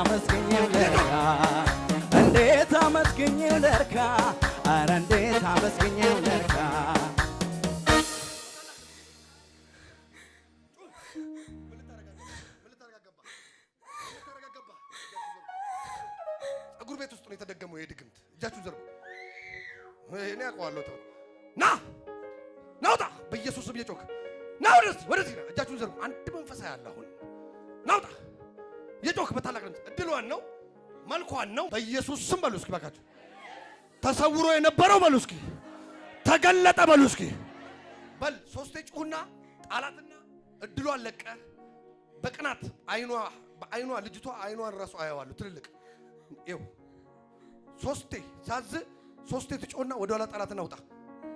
አመስግኜው ለርካ እንዴት አመስግኜው ለርካ አረ እንዴት አመስግኜው ለርካ እጉር ቤት ውስጥ ነው የተደገመው። የድግምት እጃችሁ ዘርጉ። እኔ አውቀዋለሁ። ና በኢየሱስ ስም እየጮክ ና ወደዚህ ወደዚህ እጃችሁን ዘርጉ። አንድ መንፈሳ ያለ አሁን የጮክ በታላቅ ድምፅ እድሏን ነው መልኳን ነው በኢየሱስ ስም በሉ እስኪ ባካችሁ። ተሰውሮ የነበረው በሉ እስኪ ተገለጠ በሉ እስኪ በል ሶስቴ ጩሁና ጣላትና እድሏን ለቀ። በቅናት አይኗ በአይኗ ልጅቷ አይኗን ራሱ አየዋለሁ ትልልቅ ይው ሶስቴ ሳዝ ሶስቴ ትጮና ወደ ኋላ ጣላትና ውጣ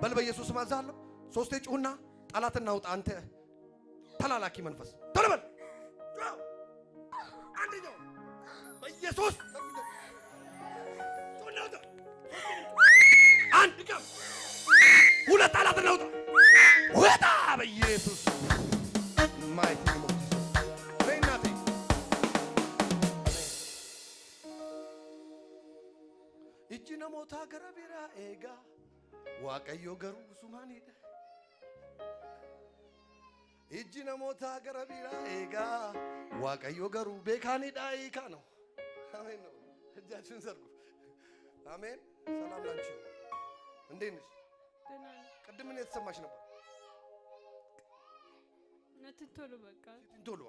በል በኢየሱስ ማዛለሁ። ሶስቴ ጩሁና ጣላትና ውጣ አንተ ተላላኪ መንፈስ ተለበል አንደኛው በኢየሱስ አንድ ቀን ሁለት አላት ወጣ በኢየሱስ እጅ ነሞታ ኤጋ ዋቀዮ ገሩ ሱማን Ijji namoota gara biraa eegaa Waaqayyo garuu beekaaniidha hiikaa no. Ameen no. Ijaachuun sargu. ሰላም ናችሁ? እንዴት ነሽ? ቅድም ምን የተሰማሽ ነበር? ትንቶሎ በቃ ትንቶሎ።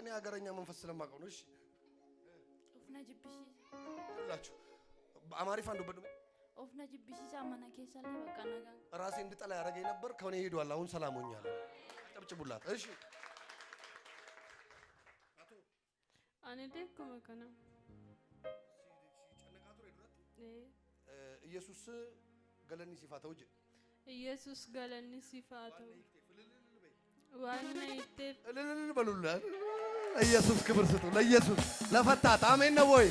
እኔ ሀገረኛ መንፈስ ስለማውቀው ነው። እሺ ኦፍና ጅብሽ ሁላችሁ አማሪፍ አንዱ በዱ ኦፍና ጅብሽ ሳማና ኬሳለ በቃ ነገ ራሴ እንድጠላ ያደረገኝ ነበር። ከሆነ ይሄዷል። አሁን ሰላም አጨብጭቡላት። እሺ ኢየሱስ ገለኒ ሲፋተው እጅ ኢየሱስ ገለኒ ሲፋተው ዋና ይቴ ኢየሱስ ክብር ስጡ ለኢየሱስ ለፈታት። አሜን ነው ወይ?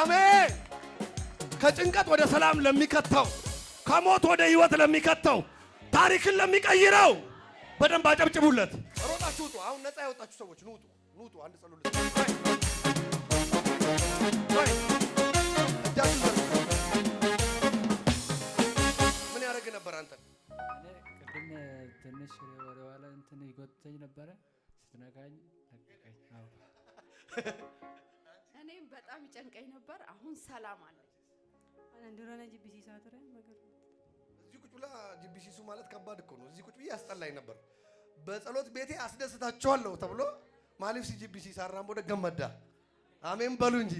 አሜን። ከጭንቀት ወደ ሰላም ለሚከተው ከሞት ወደ ህይወት ለሚከተው ታሪክን ለሚቀይረው በደንብ አጨብጭቡለት። ሮጣችሁ ውጡ። አሁን ነፃ ያወጣችሁ ሰዎች ኑ ውጡ፣ ኑ ውጡ። አንድ ጸሎት ምን ያደርግ ነበር አንተ? ቅድም ትንሽ ወደ ኋላ እንትን ይጎትተኝ ነበረ ስትነካኝ እኔም በጣም ይጨንቀኝ ነበር። አሁን ሰላም አለ። ሳትረ እዚህ ቁጭ ብላ ጂቢሲሱ ማለት ከባድ እኮ ነው። እዚህ ቁጭ ብዬ ያስጠላኝ ነበር። በጸሎት ቤቴ አስደስታችኋለሁ ተብሎ ማሊፍ ሲጂቢሲ ሳራምቦ ደገመዳ አሜን በሉ እንጂ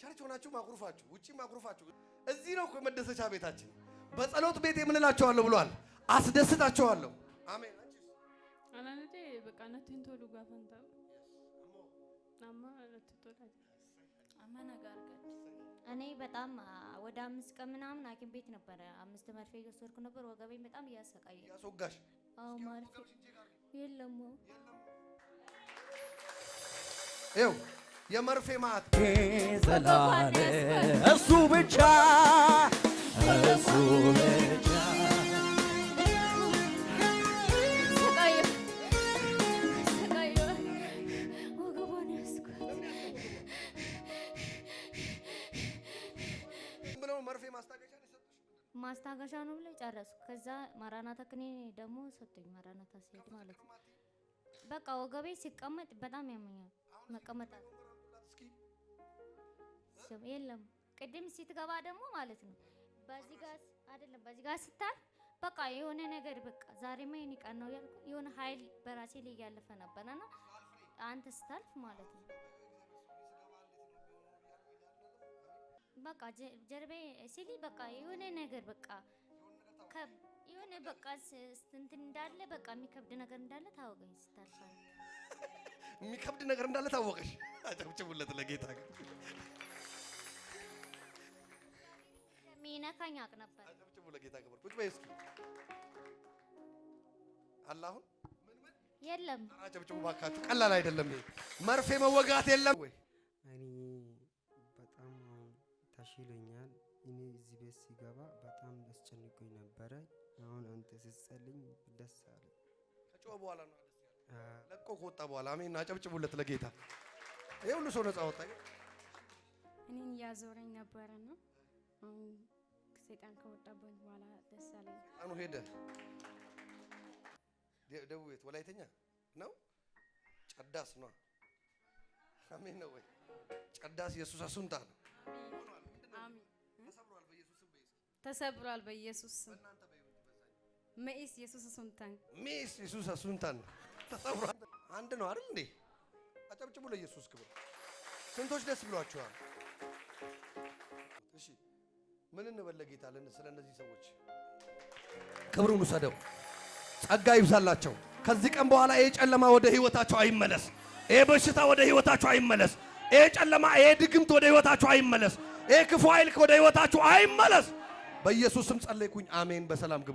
ቸርች ሆናችሁ ማኩርፋችሁ፣ ውጪ ማኩርፋችሁ፣ እዚህ ነው እኮ መደሰቻ ቤታችን። በጸሎት ቤቴ ምን ብሏል፣ አስደስታቸዋለሁ። አሜን እኔ በጣም ወደ አምስት ቀን ምናምን ሐኪም ቤት ነበረ። አምስት መርፌ እየወሰድኩ ነበር። ወገቤኝ በጣም እያሰቃየ እያስወጋሽ መርፌ የለም ይኸው የመርፌ ማት ዘላለ እሱ ብቻ እሱ ብቻ ማስታገሻ ነው ብለህ ጨረስኩ። ከዛ ማራናታ ክኔ ደግሞ ሰጡኝ። ማራናታ ሲሄድ ማለት ነው በቃ ወገቤ ሲቀመጥ በጣም ያመኛል። መቀመጥ የለም ቅድም ሲትገባ ደግሞ ማለት ነው በዚህ ጋር አይደለም በዚህ ጋር ስታል በቃ የሆነ ነገር በቃ ዛሬማ የኔ ቀን ነው ያልኩ የሆነ ኃይል በራሴ ላይ እያለፈ ነበረና አንተ ስታልፍ ማለት ነው በቃ ጀርባዬ ሲሊ በቃ የሆነ ነገር በቃ የሆነ በቃ እንትን እንዳለ በቃ የሚከብድ ነገር እንዳለ ታወቀኝ። ስታልፋ የሚከብድ ነገር እንዳለ ታወቀሽ። አጨብጭቡለት ለጌታ ሚነካኝ አቅ ነበር። አጨብጭቡ ለጌታ ክብር። ቁጭ በይ እስኪ አለ አሁን የለም። አጨብጭቡ ባካችሁ። ቀላል አይደለም። መርፌ መወጋት የለም ወይ አሺ ይሉኛል። እኔ እዚህ ቤት ሲገባ በጣም አስጨንቆኝ ነበረ። አሁን አንተ ስትጸልኝ ደስ አለ። ከጮኸ በኋላ ነው ደስ ያለ። ለቆ ከወጣ በኋላ አሜን። አጨብጭቡለት ለጌታ። ይሄ ሁሉ ሰው ነፃ ወጣ። እኔን እያዞረኝ ነበረ ነው አሁን ሰይጣን ከወጣበት በኋላ ደስ አለኝ። ሰይጣኑ ሄደ። ደቡብ ቤት ወላይተኛ ነው ጨዳስ ነው። አሜን ነው ወይ ጨዳስ ኢየሱስ አሱንታ ነው። ተሰብሯል በኢየሱስ ስም። መኢስ ኢየሱስ አሱንታን መኢስ ኢየሱስ አሱንታን ተሰብሯል። አንድ ነው አይደል እንዴ? አጨብጭቡ ለኢየሱስ ክብር። ስንቶች ደስ ብሏችኋል? እሺ ምን እንበል ለጌታ ስለ እነዚህ ሰዎች ክብሩን ውሰደው። ጸጋ ይብዛላቸው። ከዚህ ቀን በኋላ ይሄ ጨለማ ወደ ህይወታቸው አይመለስ። ይሄ በሽታ ወደ ህይወታቸው አይመለስ። ይሄ ጨለማ፣ ይሄ ድግምት ወደ ህይወታቸው አይመለስ። ይሄ ክፉ ኃይል ወደ ህይወታችሁ አይመለስ። በኢየሱስ ስም ጸለይኩኝ። አሜን። በሰላም ግቡ።